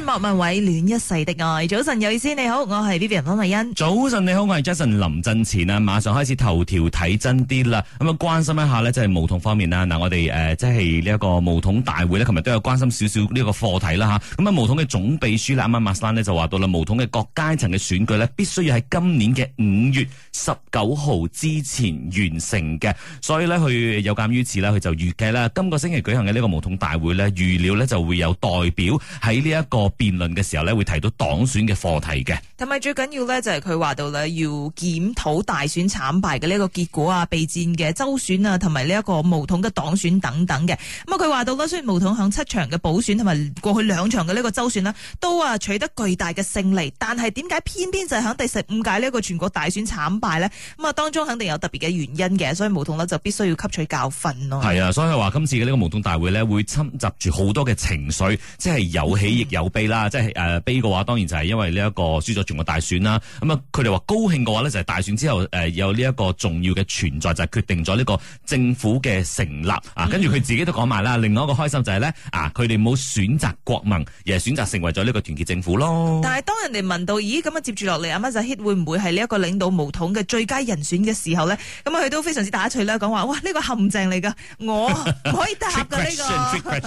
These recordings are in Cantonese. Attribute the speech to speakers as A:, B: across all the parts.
A: 莫文蔚《戀一世的愛》，早晨有意思你好，我係 Vivian 林麗欣。
B: 早晨你好，我係 Jason 林振前啊！馬上開始頭條睇真啲啦，咁啊關心一下呢，即係巫統方面啦。嗱，我哋誒、呃、即係呢一個巫統大會呢，琴日都有關心少少呢個課題啦吓。咁啊巫統嘅總秘書阿末馬斯蘭就話到啦，巫統嘅各階層嘅選舉呢，必須要喺今年嘅五月十九號之前完成嘅。所以呢，佢有鑒於此啦，佢就預計啦今個星期舉行嘅呢個巫統大會呢，預料呢就會有代表喺呢一個。我辯論嘅時候咧，會提到黨選嘅課題嘅。
A: 同埋最緊要咧，就係佢話到咧，要檢討大選慘敗嘅呢個結果啊、備戰嘅周選啊，同埋呢一個毛統嘅黨選等等嘅。咁啊，佢話到啦，雖然毛統喺七場嘅補選同埋過去兩場嘅呢個周選呢都啊取得巨大嘅勝利，但係點解偏偏就喺第十五屆呢一個全國大選慘敗呢？咁啊，當中肯定有特別嘅原因嘅，所以毛統呢就必須要吸取教訓咯。係、嗯、啊，
B: 所以話今次嘅呢個毛統大會呢，會侵襲住好多嘅情緒，即係有喜亦有。呃、悲啦，即係誒悲嘅話，當然就係因為呢一個輸咗全國大選啦。咁啊，佢哋話高興嘅話呢就係、是、大選之後誒有呢一個重要嘅存在，就係、是、決定咗呢個政府嘅成立啊。跟住佢自己都講埋啦，另外一個開心就係、是、呢：啊，佢哋冇選擇國盟，而係選擇成為咗呢個團結政府咯。
A: 但係當人哋問到咦咁啊接住落嚟阿乜就 hit 會唔會係呢一個領導巫統嘅最佳人選嘅時候呢？咁啊，佢都非常之打趣啦，講話哇呢、這個陷阱嚟㗎，我可以答㗎呢 個問。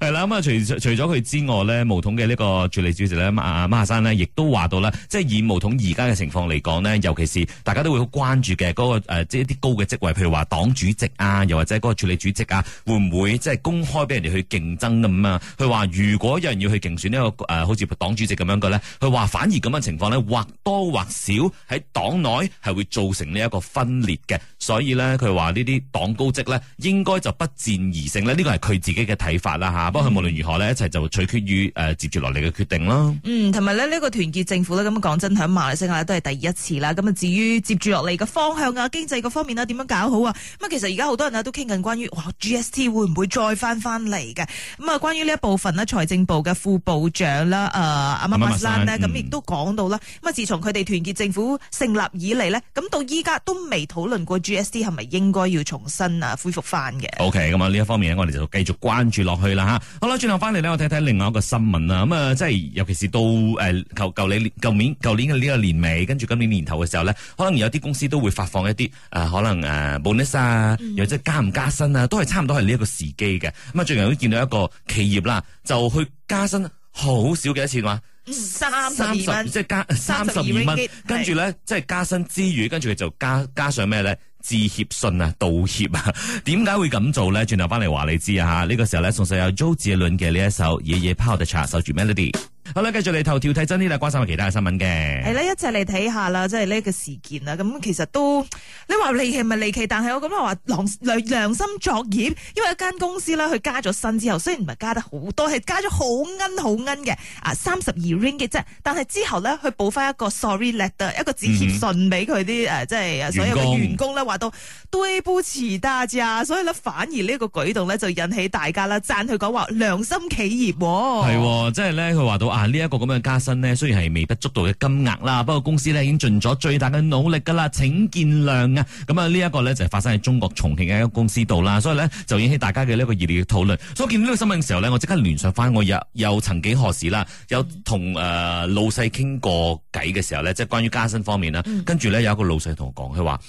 A: 係
B: 啦，咁啊除除咗佢之外咧巫統嘅呢個署理主席咧阿阿哈山咧，亦、啊啊啊、都話到啦。即係以巫統而家嘅情況嚟講呢，尤其是大家都會好關注嘅嗰、那個誒、呃，即係一啲高嘅職位，譬如話黨主席啊，又或者嗰個署理主席啊，會唔會即係公開俾人哋去競爭咁啊？佢話如果有人要去競選呢、這個誒、呃，好似黨主席咁樣嘅咧，佢話反而咁樣的情況呢，或多或少喺黨內係會造成呢一個分裂嘅，所以呢，佢話呢啲黨高職呢，應該就不戰而勝咧，呢、這個係佢自己嘅睇法啦、啊、吓。不過無論如何呢，一齊就取決於。誒，接住落嚟嘅決定啦。嗯，
A: 同埋呢、呢個團結政府呢，咁講真，喺馬來西亞都係第一次啦。咁啊，至於接住落嚟嘅方向啊，經濟嗰方面呀，點樣搞好啊？咁啊，其實而家好多人都傾緊關於哇 GST 會唔會再翻翻嚟嘅？咁啊，關於呢一部分呢，財政部嘅副部長啦，啊阿馬斯蘭呢，咁亦都講到啦。咁啊，啊 Maslan, 嗯、自從佢哋團結政府成立以嚟呢，咁到依家都未討論過 GST 係咪應該要重新啊恢復翻嘅。
B: O K，咁啊呢一方面我哋就繼續關注落去啦吓。好啦，轉頭翻嚟呢，我睇睇另外一個新聞啊，咁啊，即係尤其是到誒舊舊年舊年舊年嘅呢個年尾，跟住今年年頭嘅時候咧，可能有啲公司都會發放一啲誒、呃，可能誒 bonus 啊，又、嗯、或者加唔加薪啊，都係差唔多係呢一個時機嘅。咁啊，最近都見到一個企業啦，就去加薪好少幾多少錢話，
A: 三十，三十即
B: 係加三十二蚊，跟住咧，即係加薪之餘，跟住佢就加加上咩咧？致歉信啊，道歉啊，點解會咁做咧？轉頭翻嚟話你知啊吓，呢、這個時候咧，仲有 Joel James 嘅呢一首《夜夜拋掉茶》，守住 melody。好啦，繼續嚟頭條睇真啲啦，關心下其他嘅新聞嘅。
A: 係啦，一齊嚟睇下啦，即係呢個事件啦。咁其實都。你話離奇唔係離奇，但係我咁樣話良心作孽，因為一間公司咧，佢加咗薪之後，雖然唔係加得好多，係加咗好奀好奀嘅啊，三十二 ring 嘅啫。但係之後咧，佢補翻一個 sorry letter，一個紙貼信俾佢啲誒，即係所有嘅員工咧，話到對不起大家，所以咧反而呢個個舉動咧，就引起大家啦贊佢講話良心企業。係、
B: 哦，即係咧，佢話到啊，呢、這、一個咁樣嘅加薪咧，雖然係微不足道嘅金額啦，不過公司咧已經盡咗最大嘅努力噶啦，請見諒。咁啊，呢一個咧就係發生喺中國重慶嘅一個公司度啦，所以咧就引起大家嘅呢個熱烈嘅討論。所以我見到呢個新聞嘅時候咧，我即刻聯想翻我有有曾幾何時啦，有同誒老細傾過偈嘅時候咧，即係關於加薪方面啦，跟住咧有一個老細同我講，佢話。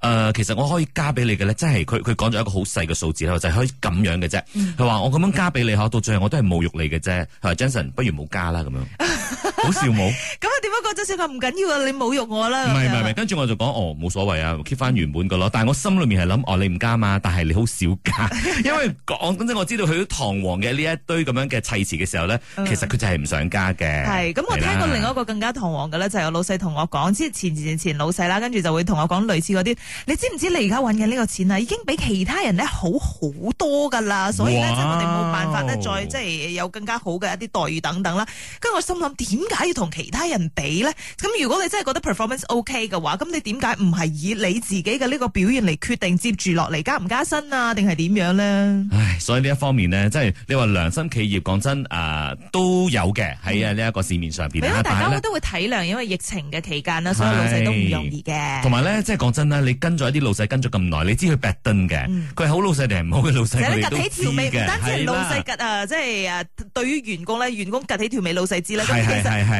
B: 誒、呃，其實我可以加俾你嘅咧，即係佢佢講咗一個好細嘅數字啦，就係、是、可以咁樣嘅啫。佢話我咁樣加俾你，到最後我都係侮辱你嘅啫。佢 話 Jason 不如冇加啦，咁樣 好笑冇沒？
A: 咁 啊，點解講得 a s 唔緊要啊，你侮辱我啦。唔係，
B: 跟住我就講哦，冇所謂啊，keep 翻原本噶咯。但係我心裏面係諗，哦，你唔加嘛，但係你好少加， 因為講真真，我知道佢堂皇嘅呢一堆咁樣嘅砌詞嘅時候咧， 其實佢就係唔想加嘅。係咁，我聽過另
A: 外一個更加堂皇嘅咧，就係我老細同我講，即係前前前老細啦，跟住就會同我講類似嗰啲。你知唔知你而家揾嘅呢個錢啊，已經比其他人咧好好多噶啦，所以咧就我哋冇辦法咧再即係有更加好嘅一啲待遇等等啦。跟住我心諗，點解要同其他人比咧？咁如果你真係覺得 performance OK 嘅話，咁你點解唔係以你自己嘅呢個表現嚟決定接住落嚟加唔加薪啊？定係點樣咧？
B: 唉，所以呢一方面呢，即係你話良心企業，講真啊、呃，都有嘅喺啊呢一個市面上邊、嗯，大家會
A: 都會體諒、嗯，因為疫情嘅期間啦，所有老細都唔容易嘅。同
B: 埋咧，即係講真啦，你。跟咗一啲老細跟咗咁耐，你知佢白燈嘅，佢、嗯、係好老細定係唔好嘅老細，佢都知嘅。係啦，唔單止係老細啊，即
A: 係啊，對於員工咧、呃就是，員工夾起條尾老細知啦。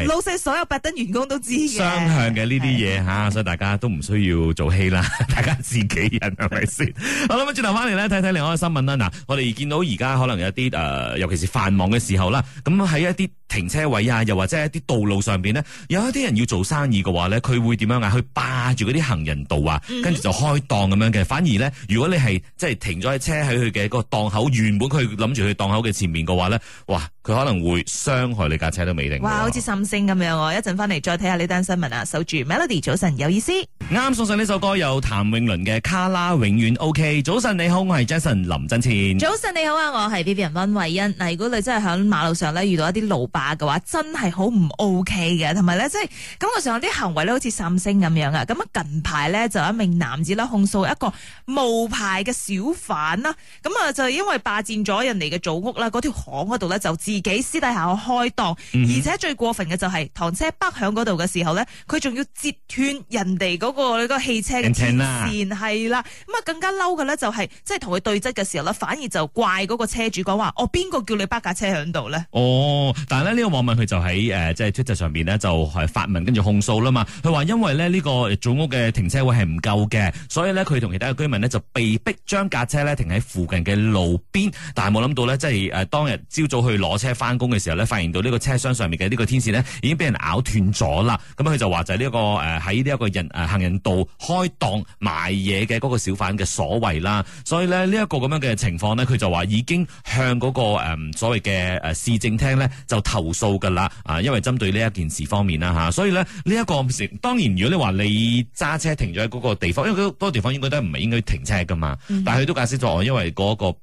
A: 老細所有白燈員工都知嘅。雙
B: 向嘅呢啲嘢吓，所以大家都唔需要做戲啦，大家自己人係咪先？好啦，咁轉頭翻嚟，咧睇睇另外嘅新聞啦。嗱、呃，我哋見到而家可能有啲啊、呃，尤其是繁忙嘅時候啦，咁喺一啲。停車位啊，又或者一啲道路上邊咧，有一啲人要做生意嘅話咧，佢會點樣啊？去霸住嗰啲行人道啊，跟住就開檔咁樣嘅。反而咧，如果你係即係停咗喺車喺佢嘅個檔口，原本佢諗住去檔口嘅前面嘅話咧，哇！佢可能會傷害你架車都未定、啊。哇，
A: 好似閃星咁樣，我一陣翻嚟再睇下呢單新聞啊！守住 Melody，早晨有意思。
B: 啱送上呢首歌，有譚詠麟嘅《卡拉永遠 OK》。早晨你好，我係 Jason 林振乾。早
A: 晨你好啊，我係 Vivian 溫慧欣。嗱、啊，如果你真係響馬路上咧遇到一啲路霸嘅話，真係好唔 OK 嘅。同埋咧，即係感覺上有啲行為咧好似閃星咁樣啊！咁啊，近排咧就有一名男子啦，控訴一個無牌嘅小販啦。咁啊，就係、是、因為霸佔咗人哋嘅祖屋啦，嗰條巷嗰度咧就支。自己私底下開檔、嗯，而且最過分嘅就係、是，唐車北響嗰度嘅時候咧，佢仲要截斷人哋嗰、那個、那個汽車嘅線係啦，咁啊更加嬲嘅咧就係、是，即係同佢對質嘅時候咧，反而就怪嗰個車主講話，我邊個叫你北架車響度咧？
B: 哦，但係呢呢、這個網民佢就喺誒即係 Twitter 上邊咧就係、是、發文跟住控訴啦嘛，佢話因為咧呢、這個祖屋嘅停車位係唔夠嘅，所以咧佢同其他居民咧就被逼將架車咧停喺附近嘅路邊，但係冇諗到咧即係誒當日朝早去攞。車翻工嘅時候咧，發現到呢個車廂上面嘅呢個天線呢已經俾人咬斷咗啦。咁佢就話就係呢、呢個誒喺呢一個人誒行人道開檔賣嘢嘅嗰個小販嘅所謂啦。所以咧呢一個咁樣嘅情況呢，佢就話已經向嗰個誒所謂嘅誒市政廳呢就投訴噶啦。啊，因為針對呢一件事方面啦吓，所以呢、呢個，呢一個當然，如果你話你揸車停咗喺嗰個地方，因為好多地方應該都唔應該停車噶嘛、嗯，但係佢都解釋咗我因為嗰、嗰個。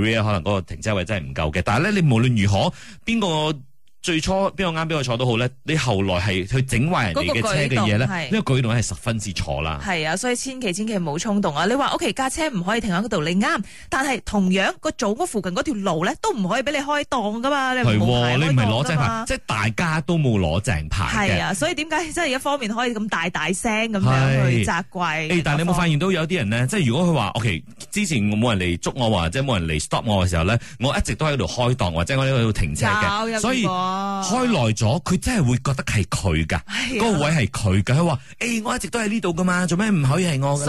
B: 可能嗰個停車位真係唔夠嘅，但係咧，你無論如何，邊個。最初邊個啱邊個錯都好咧，你後來係去整壞人哋嘅車嘅嘢咧，呢、那個舉動係、這個、十分之錯啦。
A: 係啊，所以千祈千祈唔好衝動啊！你話屋企架車唔可以停喺嗰度，你啱，但係同樣個組嗰附近嗰條路咧都唔可以俾你開檔噶嘛？啊、你唔係攞正牌，即係
B: 大家都冇攞正牌。係
A: 啊，所以點解即係一方面可以咁大大聲咁樣去責怪、啊？但係你有冇
B: 發現到有啲人咧，即係如果佢話，OK，之前冇人嚟捉我話，即係冇人嚟 stop 我嘅時候咧，我一直都喺度開檔或者喺度停車嘅，所以。開耐咗，佢真係會覺得係佢噶，嗰、哎那個位係佢噶。佢話：，誒、哎，我一直都喺呢度噶嘛，做咩唔可以係我噶、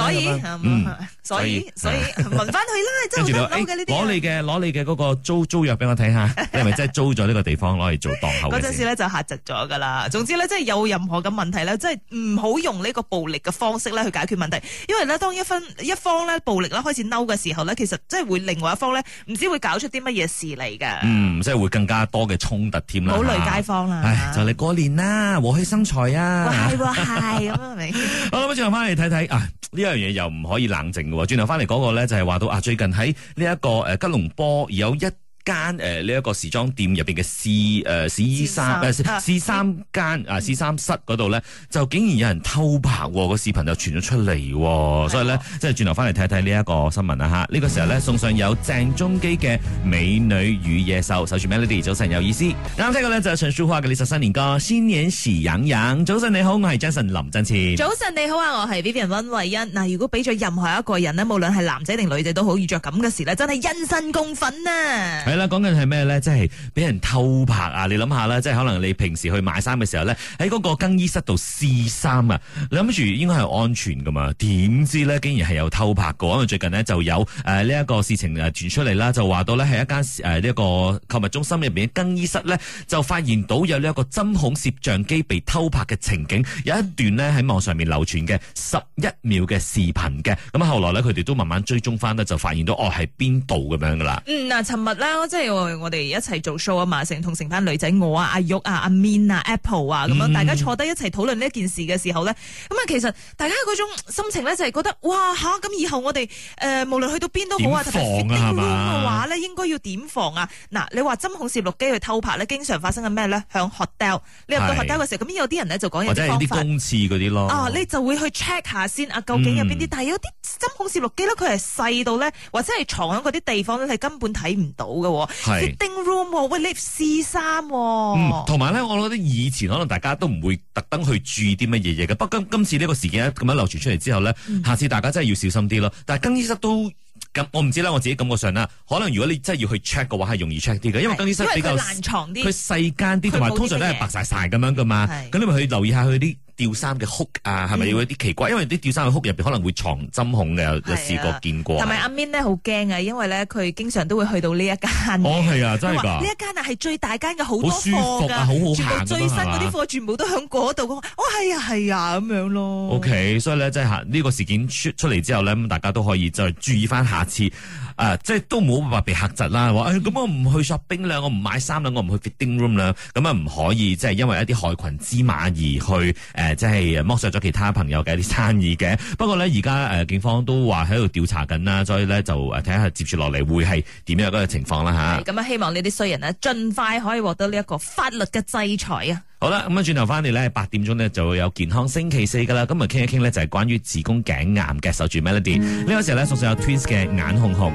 B: 嗯？所以，所以，所以
A: 問翻佢啦， 真好嬲嘅呢啲。攞、哎、你
B: 嘅，攞你嘅嗰個租租約俾我睇下，係 咪真係租咗呢個地方攞嚟做檔口？嗰陣時咧
A: 就嚇窒咗噶啦。總之咧，即係有任何嘅問題咧，即係唔好用呢個暴力嘅方式咧去解決問題，因為咧當一分一方咧暴力咧開始嬲嘅時候咧，其實即係會另外一方咧唔知會搞出啲乜嘢事嚟噶。
B: 嗯，即係會更加多嘅衝突添啦。好累街坊啦，就、啊、嚟過年啦，和氣生財啊！係喎係咁
A: 樣
B: 係咪？好，咁轉頭翻嚟睇睇啊，呢樣嘢又唔可以冷靜嘅喎，轉頭翻嚟嗰個咧就係話到啊，最近喺呢一個誒、呃、吉隆坡有一間誒呢一個時裝店入邊嘅，試誒試衣衫誒衫間啊試衫室嗰度咧，就竟然有人偷拍，個視頻就傳咗出嚟，所以咧即係轉頭翻嚟睇睇呢一個新聞啊吓，呢、這個時候咧送上有鄭中基嘅《美女與野獸》，首先 Melody 早晨，有意思，啱聽嘅咧就陳淑樺嘅《呢首新年歌》，先演喜洋洋，早晨你好，我係 Jason 林振前，早
A: 晨你好啊，我係 Vivian 溫慧欣，嗱如果俾咗任何一個人呢，無論係男仔定女仔都好，遇着咁嘅事咧，真係因身共憤啊！
B: 係啦，講緊係咩咧？即係俾人偷拍啊！你諗下啦，即係可能你平時去買衫嘅時候咧，喺嗰個更衣室度試衫啊，你諗住應該係安全噶嘛？點知咧竟然係有偷拍噶？因為最近呢，就有誒呢一個事情誒傳出嚟啦，就話到咧喺一間誒呢一個購物中心入邊嘅更衣室咧，就發現到有呢一個針孔攝像機被偷拍嘅情景，有一段咧喺網上面流傳嘅十一秒嘅視頻嘅。咁後來咧佢哋都慢慢追蹤翻咧，就發現到哦係邊度咁樣噶啦。嗯，
A: 嗱、啊，尋晚啦。即係我哋一齊做 show 啊嘛，成同成班女仔，我啊阿玉啊阿 Min 啊 Apple 啊咁樣、嗯，大家坐低一齊討論呢一件事嘅時候咧，咁啊其實大家嗰種心情咧就係覺得哇，吓，咁、啊、以後我哋誒、呃、無論去到邊都好啊，特別 fitting room 嘅話咧，應該要點防啊？嗱，你話針孔攝錄機去偷拍咧，經常發生緊咩咧？向 hotel，你入到 hotel 嘅時候，咁有啲人咧就講有啲方
B: 法，即係啲公廁嗰啲咯。啊，
A: 你就會去 check 下先啊，究竟有邊啲、嗯、但大有啲。針孔攝錄機咧，佢係細到咧，或者係藏喺嗰啲地方咧，係根本睇唔到嘅。係。你 room，我 lift C 三。嗯，
B: 同埋咧，我覺得以前可能大家都唔會特登去注意啲乜嘢嘢嘅。不過今今次呢個事件咁樣流傳出嚟之後咧、嗯，下次大家真係要小心啲咯。但係更衣室都咁，我唔知啦。我自己感覺上啦，可能如果你真係要去 check 嘅話，係容易 check 啲嘅，因為更衣室比較難
A: 藏啲，佢細間啲，同埋通常都係
B: 白晒晒咁樣噶嘛。係。咁你咪去留意下佢啲。吊衫嘅 hook 啊，係咪有一啲奇怪？嗯、因為啲吊衫嘅 hook 入邊可能會藏針孔嘅，啊，有試過見過。同埋阿
A: Min 咧好驚啊，因為咧佢經常都會去到呢一間。哦，係啊，真係噶，呢一間啊，係最大間嘅，好多貨，好好，最新嗰啲貨全部都喺嗰度。我、哦、係啊係啊咁、啊、樣咯。OK，
B: 所以咧即係呢個事件出嚟之後呢，大家都可以就再注意翻，下次啊，即、呃、係、就是、都冇辦法被嚇窒啦。話咁、哎、我唔去 shopping，我唔買衫啦，我唔去 fitting room 啦，咁啊唔可以即係、就是、因為一啲害群之馬而去誒。呃即係剝削咗其他朋友嘅一啲生意嘅，不過咧而家誒警方都話喺度調查緊啦，所以咧就睇下接住落嚟會係點樣一個情況啦吓。
A: 咁啊，希望呢啲衰人呢，盡快可以獲得呢一個法律嘅制裁啊！
B: 好啦，咁啊轉頭翻嚟咧，八點鐘呢就會有健康星期四噶啦，咁啊傾一傾、嗯、呢，就係關於子宮頸癌嘅守住 Melody，呢個時候咧仲有 Twins 嘅眼紅紅。